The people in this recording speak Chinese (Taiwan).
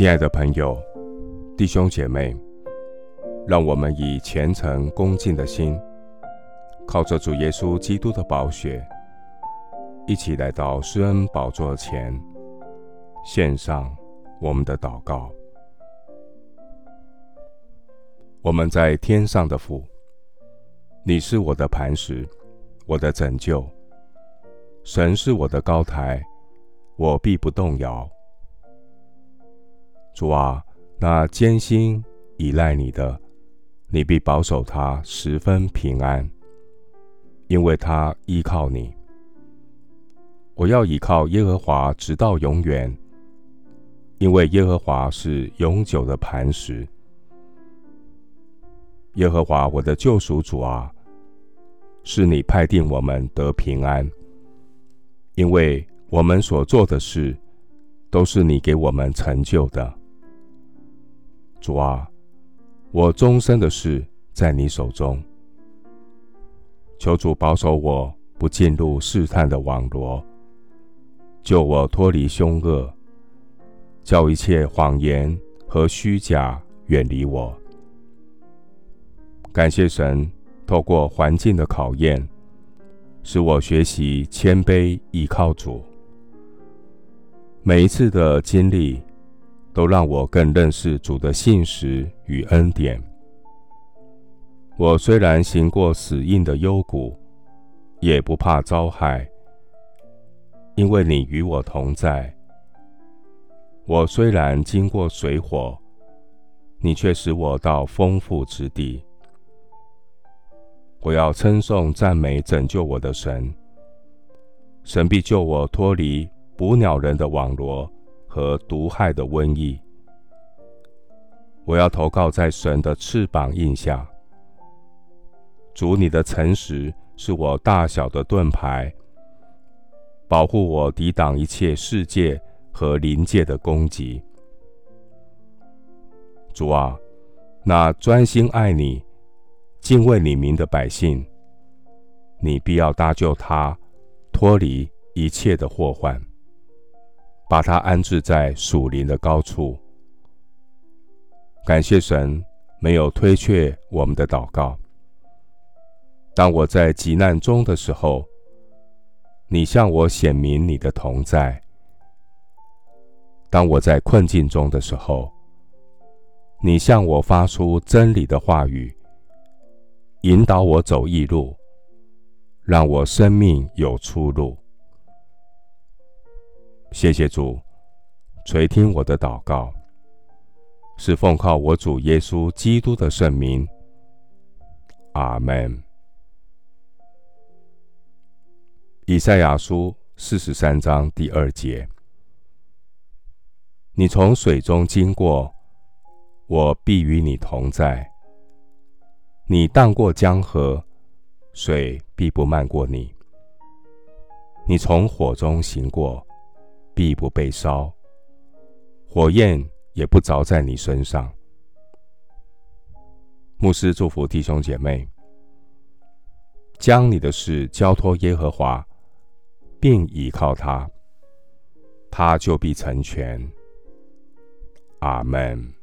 親愛的朋友、弟兄姐妹，讓我們以虔誠恭敬的心，靠着主耶穌基督的寶血，一起來到施恩寶座前，獻上我們的禱告。我們在天上的父，你是我的磐石，我的拯救；神是我的高台，我必不動搖。主啊，那堅心依賴你的，你必保守他十分平安，因為他依靠你。我要依靠耶和華直到永遠，因為耶和華是永久的磐石。耶和華，我的救贖主啊，是你派定我們得平安，因為我們所做的事，都是你給我們成就的。主啊，我終身的事在你手中。求主保守我不進入試探的網羅，救我脫離兇惡，叫一切謊言和虛假遠離我。感謝神，透過環境的考驗，使我學習謙卑倚靠主。每一次的經歷，都讓我更認識主的信實與恩典。我雖然行過死蔭的幽谷，也不怕遭害，因為你與我同在。我雖然經過水火，你卻使我到豐富之地。我要稱頌、讚美拯救我的神。神必救我脫離捕鳥人的網羅，和毒害的瘟疫，我要投靠在神的翅膀蔭下。主，你的誠實是我大小的盾牌，保護我抵擋一切世界和靈界的攻擊。主啊，那專心愛你、敬畏你名的百姓，你必要搭救他，脫離一切的禍患。把它安置在屬靈的高處。感謝神，沒有推卻我們的禱告。當我在急難中的時候，你向我顯明你的同在；當我在困境中的時候，你向我發出真理的話語，引導我走義路，讓我生命有出路。謝謝主垂聽我的禱告，是奉靠我主耶穌基督的聖名。阿門。以賽亞書四十三章第二節：你從水中經過，我必與你同在；你蕩過江河，水必不漫過你；你從火中行過。必不被燒，火焰也不着在你身上。牧師祝福弟兄姐妹，將你的事交托耶和華，並倚靠祂，祂就必成全。阿門。